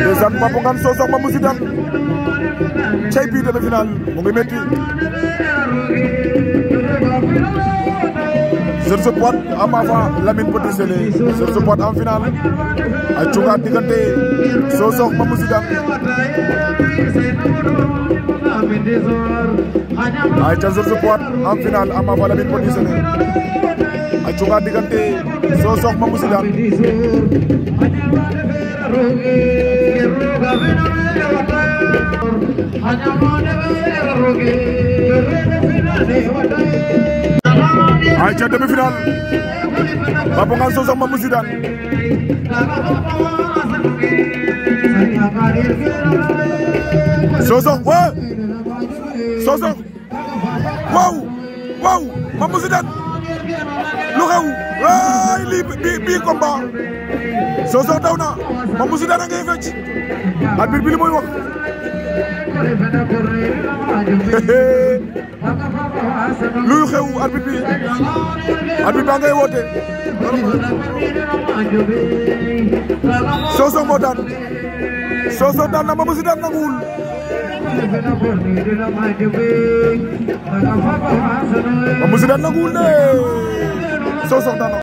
ndeysaan Pape Ngane Sosokh Mamou Zidane cey bii demi-finale mu ngi métti George Poite Ama Fa Lamine Petit Sélé George Poite en finale ay cugaat diggante Sosokh Mamou Zidane ay ca George Poite en finale Ama Fa Lamine Petit Sélé a cuga diggante Sosokh Mame Bou Zidane ay ca demi-finale Papo Ngane Sosokh Mame Bou Zidane Sosokh waaw waaw Mame Bou Zidane lu xew waay lii bii bii combat Sokh daw na moom mosu dara ngay fecc arbitre bi li muy wax luy xew arbitre bi arbitre baa ngay woote Sokh moo daan Sossokh daan na Mamou Zidane nanguwul Mamou Zidane nanguwul de Sossokh daan